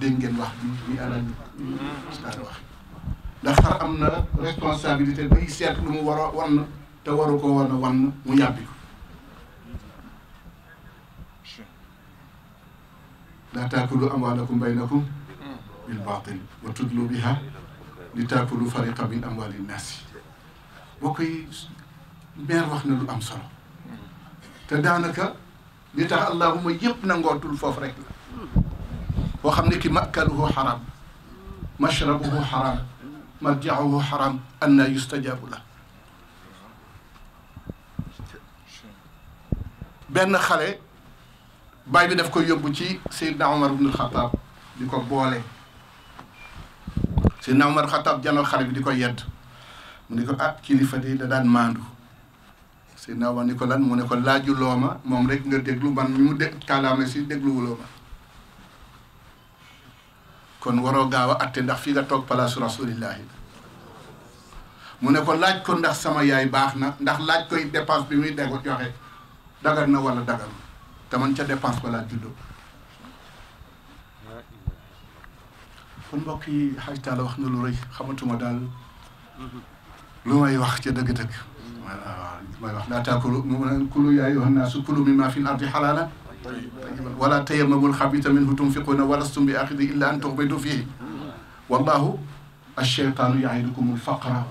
dégg ngeen wax bi ñu alal daan wax ndax far am na responsabilité bay seet lu mu war a wann te waru ko war a wann mu yàbbi ko laa taakulu amwaalakum baynakum bil baatil wa tudlu biha li taakulu fariqa min amwaali naas boo koy meer wax na lu am solo te daanaka li tax allahuma yëpp nangootul foofu rek boo xam ne ki makaluhu xaraam mashrabuhu xaraam anna yustajabu la benn xale baay bi daf ko yóbbu ci Seydina Omar ibnul Xataab di ko boole Seydina na Xataab janoo xale bi di ko yedd mu ne ko ah kilifa de da daan maandu Seydina Omar ni ko lan mu ne ko laaju looma moom rek nga déglu man mi mu dé kàllaama si dégluwuloo ma kon waroo gaaw a atte ndax fii nga toog palaasu rasulillahi mu ne ko laaj ko ndax sama yaay baax na ndax laaj koy dépense bi muy dego joxe dagal na wala dagal te man ca dépense balaa juddoo kon mbokk yi xaj taala wax na lu rëy xamatuma daal lu may wax ca dëgg-dëgg. waaw waaw may wax laa taakulu mu ne kulu yaay wax naa su kulu mi maa fi xalaala wala tayammamul xabiita minhu tunfiquuna wa lastum bi axidi illa an tuxbitu fiihi wallahu alcheytaanu yaidukum alfaqra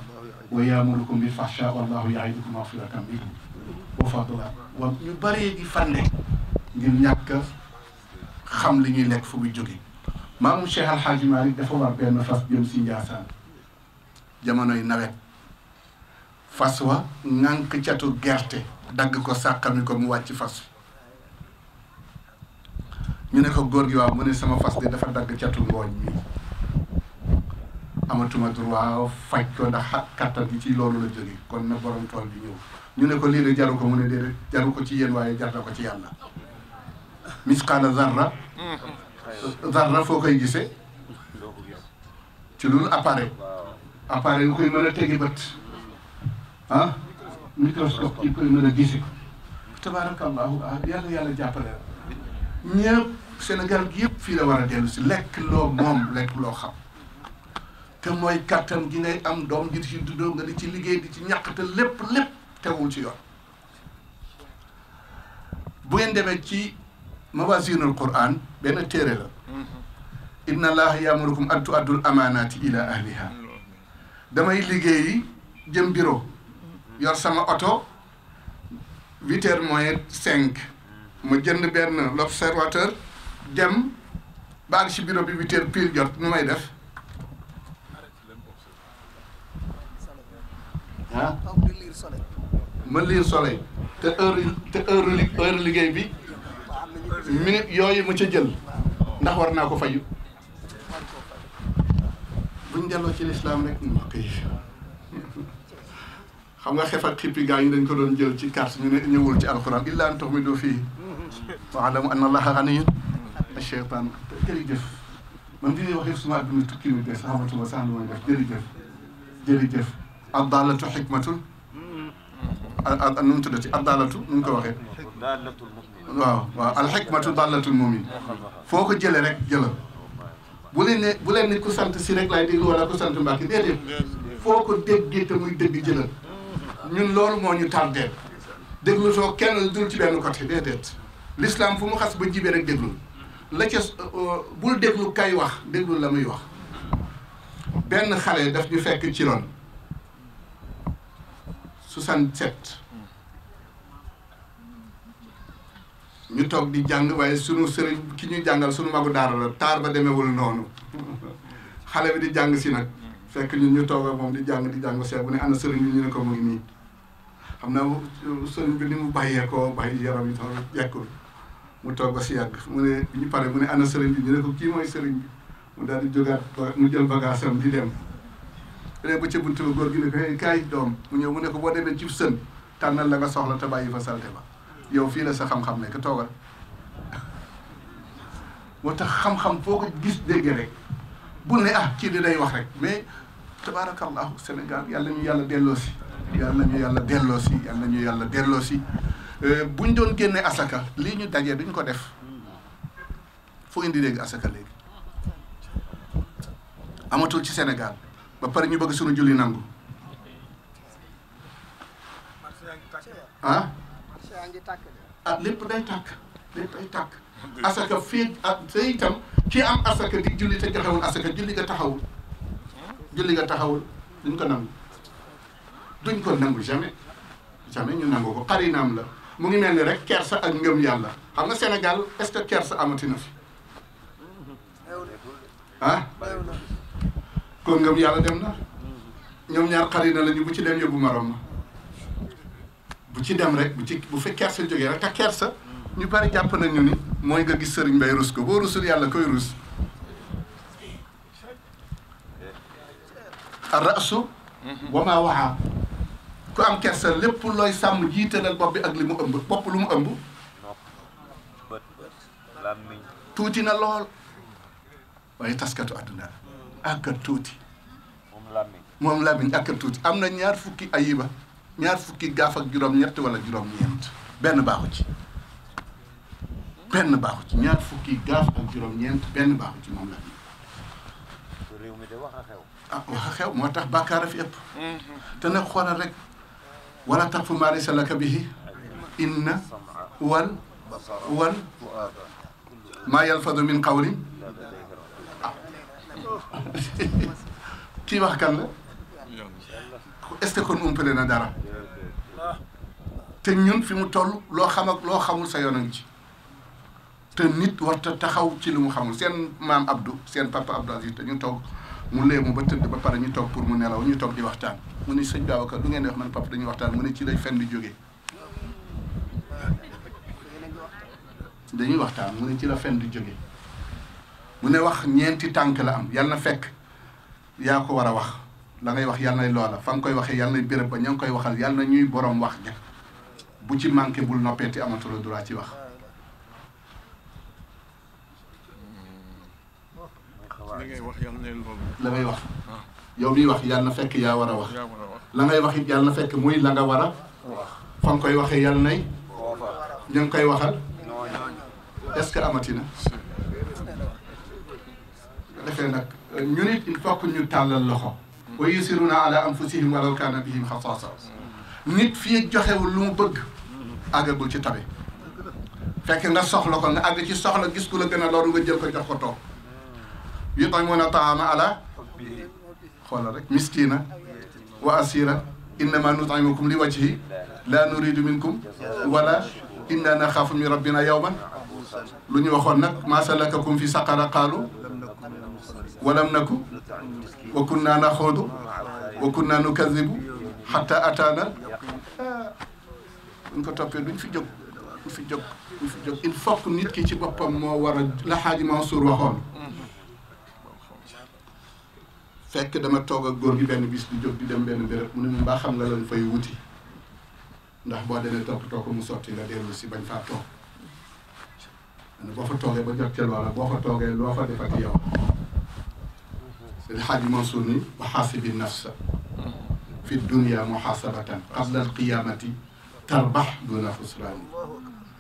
wa yaamurukum bilfahsha wallahu yaidukum mafiratan minhu wa fadla wa ñu bëree gi fande ngir ñàkk xam li ñuy lekk fu muy jóge maamu Cheikh Alxaaji Maalik dafa war benn fas jëm si Njaasaan jamonoy nawet fas wa ŋànk catu gerte dagg ko sàqami ko mu wàcc fas ñu ne ko góor gi waaw mu ne sama fas de dafa dagg catu ngooñ mi amatuma droit faj ko ndax kattan gi ci loolu la jóge kon na borom tool bi ñëw ñu ne ko lii de jaru ko mu ne déedéet jaru ko ci yéen waaye jar na ko ci yàlla misqaala zarra zarra foo koy gisee ci loolu appareil appareil yu koy mën a tegi bët ah microscope yi koy mën a gise tabaarakallahu ah yàlla yàlla jàppale la ñëpp Sénégal gi yëpp fii la war a dellu si lekk loo moom lekk loo xam te mooy kàttan gi ngay am doom ji ci duddoo nga di ci liggéey di ci ñàkk te lépp lépp teewul ci yoon bu ngeen demee ci mawazinul quran benn téere la mm-hmm. inna allaha yaamurukum an tu addul amaanaati ila ahliha damay liggéeyi jëm bureau yor sama oto huit heures cinq ma jënd benn l'observateur dem baag si bureau bi huit heures pile jot nu may def ah ma liir soleil te heure te heure heure liggéey bi minute yooyu ma ca jël ndax war naa ko fayu buñ delloo ci lislaam rek mbokk yi xam nga xef ak xippi gaa yi dañ ko doon jël ci carte ñu ne ñëwul ci alxuraan illaa mi tuxmidu fii waalamu anna allaha ganiyun a cheytaan jërëjëf man bi ñuy waxee suma adduna tukki mi de saxamatuma sax lu may def jërëjëf jërëjëf addaalatu xikmatun nu mu tuddati addaalatu nu mu ko waxee waaw waaw alxikmatu dallatul mumin foo ko jëlee rek jëlal bu leen ne bu leen ne ku sant si rek laay déglu wala ku sant mbàkki déedéet foo ko déggee te muy dégg jëlal ñun loolu moo ñu tardeel déglu soo kenn dul ci benn côté déedéet l'islam fu mu xas ba jibee rek déglul la ca euh, euh, bul déglu kay wax déglul la muy wax benn xale daf ñu fekk ci loon 67 ñu toog di jàng waaye sunu sëriñ ki ñu jàngal sunu magu daara la taar ba demewul noonu xale bi di jàng si nag fekk ñun ñu toog moom di jàng di jàng seet bu ne ana sëriñ bi ñu ne ko mu nii xam na sëriñ bi ni mu bàyyee ko bàyyi yaram yi tam yekkul mu toog si yàgg mu ne ñu pare mu ne ana sëriñ bi ñu ne ko kii mooy sëriñ bi mu daal di jógaat mu jël bagage am di dem. léegi ba ca buntu ba góor gi ne ko hey doom mu ñëw mu ne ko boo demee cib sën tànnal la nga soxla te bàyyi fa salte ba yow fii la sa xam-xam nekk toogal moo tax xam-xam foo ko gis dégg rek bu ne ah kii di lay wax rek mais tabaarakallahu Sénégal yàlla ñu yàlla delloo si. yàlla ñu yàlla delloo si yàlla ñu yàlla delloo si. Euh, buñ doon génne asaka lii ñu dajee duñ ko def foo indi léegi asaka léegi amatul ci senegal ba pare ñu bëgg sunu julli nangu ah ah lépp day tàkk lépp day tàkk asaka fii ak ah, te itam ki am asaka di julli te joxewul asaka julli nga taxawul julli nga taxawul duñ ko nangu duñ ko nangu jamais jamais ñu nangu ko xarinaam la mu ngi mel ni rek kersa ak ngëm yàlla xam nga senegal est-ce que fi ah kon ngëm yàlla dem na ñoom ñaar xarit na la ñu bu ci dem yóbbu marom ma bu ci dem rek bu ci bu fi kersa jógee rek te kersa ñu bari jàpp nañu ni mooy nga gis sëriñ bay rus ko boo rusul yàlla koy rus ar rasu wa maa waxaa ku am kersa lépp looy sàmm jiitalal bopp bi ak li mu ëmb bopp lu mu ëmb tuuti na lool waaye taskatu àdduna ak tuuti moom làmmiñ ak tuuti am na ñaar fukki ayiba ñaar fukki gaaf ak juróom-ñett wala juróom-ñeent benn baaxu ci benn baaxu ci ñaar fukki gaaf ak juróom-ñeent benn baaxu ci moom làmmiñ réew mi de wax xew ah wax a xew moo tax bàkkaar a fi ëpp mm-hmm. te nag xoolal rek wala taqfu maa laysa laka bihi inna wal wal maa yalfadu min qawlin ah kii wax kan la est-ce que kon umpale na dara te ñun fi mu toll loo xam ak loo xamul sa yoon a ngi ci te nit warta taxaw ci lu mu xamul seen maam Abdou seen papa Abdou Aziz te ñu toog mu léemu ba tëdd ba pare ñu toog pour mu nelaw ñu toog di waxtaan mu ne sëñ Babacar du ngeen di wax man papa dañuy waxtaan mu ne ci lay fenn di jógee waxtaan mu ne ci la fen di jógee mu ne wax ñeenti tànk la am yàlla na fekk yaa ko war a wax la ngay wax yàlla na loola fa nga koy waxee yàlla na béréb ba ña ngi koy waxal yàlla na ñuy borom wax ja bu ci manqué bul noppeeti amatuloo droit ci wax li ngay wax yal la ngay wax. Ah. yow miy wax yal na fekk yaa war a wax. la ngay wax it yal na fekk muy la nga war a. fa koy waxee yal nay. ñu ngi koy waxal. est-ce que amati na. defee nag ñun it il faut que ñu tàllal loxo. wa yusiruna ala anfusihim walaw kaana bihim xasaasa nit fii joxewul lu mu bëgg. àggagul ci tabe. fekk nga soxla ko nga àgg ci soxla gis ku la gën a loru nga jël ko jox ko toog. yut'imuna ta'ama ala xoolal rek miskina wa asira innama nut'imukum li wajhi la nuridu minkum wala inna naxaafu min rabbina yawman lu ñu waxoon nag ma salakakum fi saqara qaalu walam naku wa kunna naxuudu wa kunna nukazibu xatta ataana buñ ko toppee duñ fi jóg duñ fi jóg duñ fi jóg il faut nit ki ci boppam moo war a la Xaaji Mansour waxoon fekk dama toog ak góor gi benn bis di jóg di dem benn béréb mu ne mbaa xam la lañ fay wuti ndax boo demee toppatoo ko mu sotti nga dellu si bañ faa toog boo fa toogee ba jot ca loola boo fa toogee loo fa def ak yow sëñ Xaaji Mansuur ni wa xaasibi nafsa fi dunia muxaasabatan qabla alqiyaamati tarbax duna xusraani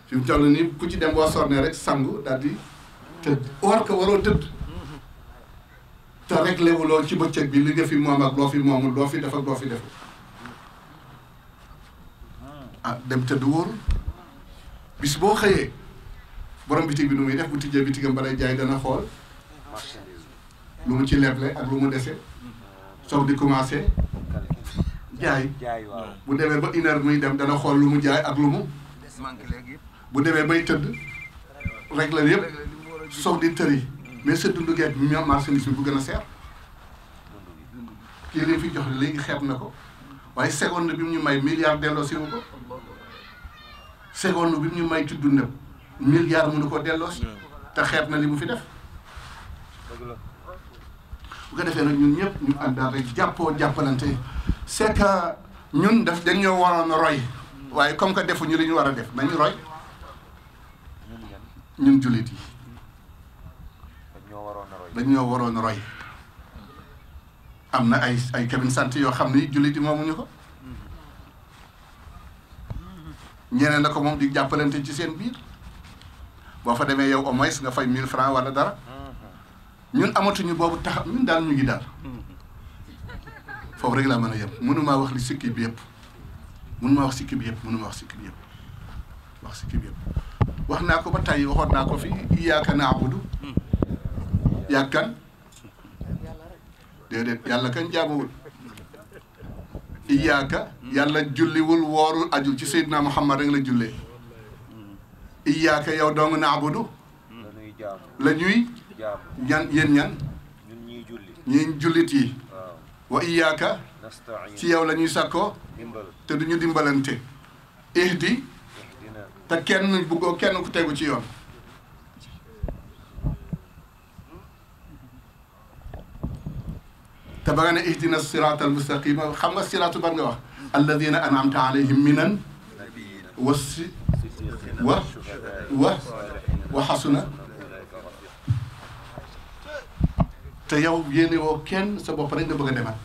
fi mu nii ku ci dem boo sorne rek sangu daal di tëdd war ko waroo tëdd te rek léwulool ci bëccëg bi li nga fi moom ak loo fi moomul loo fi def loo fi def ah, dem tëdd wóorul bis boo xëyee borom bitig bi nu muy def bu tijjee bitigam balay jaay dana xool lu mu ci leble ak lu mu dese soog di commencé jaay bu demee ba une heure muy dem dana xool lu mu jaay ak lu mu bu demee bay tëdd rek la yëpp soog di tëri mais sa dundu geeg ñoom marchandise bi bu gën a seer kii fi jox léegi xeeb na ko waaye seconde bi mu ñu may milliard delloosi wu ko seconde bi mu ñu may ci dundam milliard mënu ko delloosi te xeeb na li mu fi def bu ko defee nag ñun ñëpp ñu àndaat rek jàppoo jàppalante c'est que ñun daf dañ ñoo waroon roy waaye comme que defu ñu ñu war a def nañu roy ñun jullit yi. dañoo waroon roy am na ay ay cabine sant yoo xam ni jullit yi moomuñu ko ñeneen na ko moom di jàppalante ci seen biir boo fa demee yow au moins nga fay 1000 francs wala dara ñun amatuñu boobu tax ñun daal ñu ngi daal foofu rek laa mën a yem mënumaa wax li sikki bi yëpp mënumaa wax sikki bi yëpp mënumaa wax sikki bi yëpp wax sikki naa ko ba tey waxoon naa ko yaag yàlla kan jaamuwul iyaaka yàlla julliwul woorul ajul ci Seydina Muhammad rek la jullee iyaaka yow dong naabudu la ñuy ñan yéen ñan ñun jullit yi wa iyaaka ci yow lañuy ñuy sàkkoo te du ñu dimbalante ihdi te kenn bëggoo kenn ku tegu ci yoon te ba nga ne ihdina siraatal mustaqima xam nga siraatu ban nga wax alladina anamta alayhim minan wa si wa wa wa xasuna te yow yéene woo kenn sa bopp rek nga bëgg a demal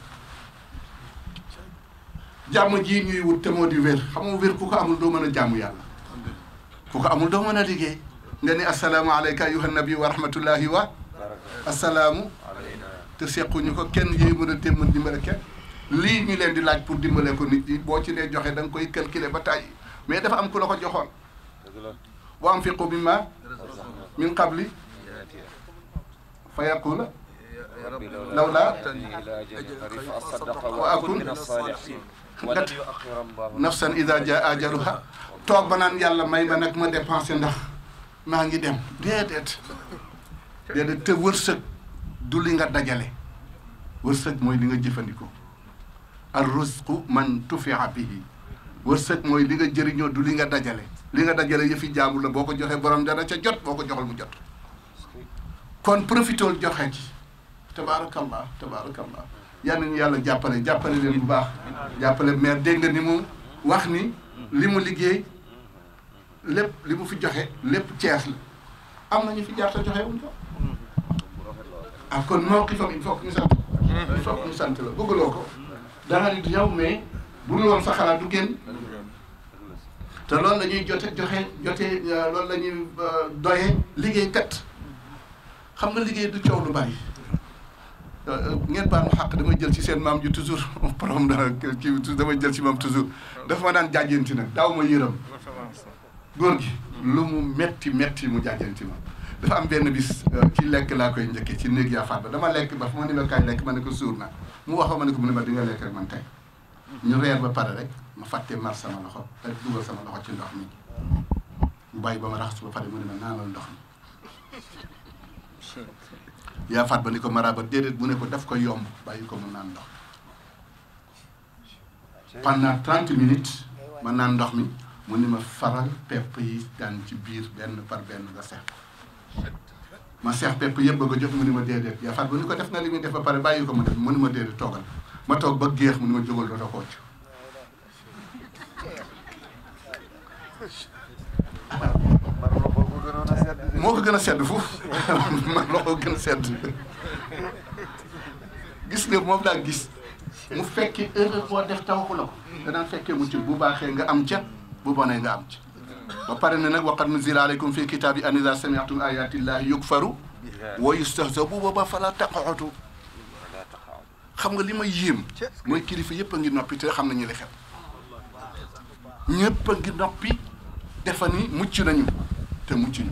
jàmm jii ñuy wut te moo di wér xam nga wér ku ko amul doo mën a jàmm yàlla ku ko amul doo mën a liggéey nga ni assalaamu alayka ayuha nabi wa rahmatullahi wa assalaamu te ñu ko kenn yooyu mën a téeméer dimbale kenn lii ñu leen di laaj pour dimbale ko nit ñi boo ci nee joxee danga nga koy calculer ba tàyyi mais dafa am ku la ko joxoon. wa anfiqu mimma min qabli fa yaqula lawlaa wa akun nafsan a jaa ajaluha toog ba naan yàlla may ma nekk ma dépensé ndax maa ngi dem déedéet déedéet te wërsëg. du li nga dajale wërsëg mooy li nga jëfandikoo ar rusqu man bi bihi wërsëg mooy li nga jëriñoo du li nga dajale li nga dajale yëfi jaamul la boo ko joxee borom dana ca jot boo ko joxal mu jot kon profitool joxe ci tabaarakallah tabaarakallah yal nañu yàlla jàppale jàppale leen bu baax jàppale maire dégg nga ni mu wax ni li mu liggéey lépp li mu fi joxe lépp Cees la am na ñu fi jaarta joxe wuñ ko Ah, kon mawqifam il faut que ñu sant la bëggaloo ko danga nit yow mais bu dul sa xalaat du génn te loolu la ñuy jote joxe jote euh, lool lañuy ñuy euh, doye liggéeykat xam nga liggéey du coow lu bàyyi euh, ngeen baal ma xàq damay jël ci seen maam ju toujours problème dana kii damay jël ci maam toujours dafa ma daan jaajenti nag daaw ma yëram góor gi lu mu metti metti mu jaajenti ma dafa am benn bis euh, ci lekk laa koy njëkkee ci néeg yaa ba dama lekk ba fu ma ni ma kaay lekk ma ne ko suur naa mu wax ma ne ko mu ne ma di lekk rek man tey ñu reer ba pare rek ma fàtte mar sama loxo te dugal sama loxo ci ndox mi mu bàyyi ba ma raxasu ba pare mu ne ma naanal ndox mi yaa fàdd ba ni ko maraaba déedéet mu ne ko def ko yomb bàyyi ko mu naan ndox pendant trente minutes ma naan ndox mi mu ni ma faral pepp yi daan ci biir benn par benn nga seet ma seex pepp yëpp bëgg a jot mu ni ma déedéet yaa faat bu ni ko def na li muy def ba pare bàyyi ko ma def mu ni ma déedéet toogal ma toog ba géex mu ni ma jógal doota kooc moo ko gën a sedd foofu man loxo gën a sedd gis nga moom laa gis mu fekkee erreur boo def tawaxu la ko danaan fekkee mu ci bu baaxee nga am ca bu bonee nga am ca ba pare ne nag waqad nuzila aleykum fi kitaabi an ida samiatum ayati llahi yukfaru wa yustahzabu booba fala taqa'utu xam nga li ma yéem mooy kilifa yëpp a ngi noppi te xam nañu li xel ñëpp a ngi noppi defa ni mucc nañu te mucc ñu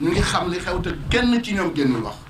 ñu ngi xam li xew te kenn ci ñoom génnul wax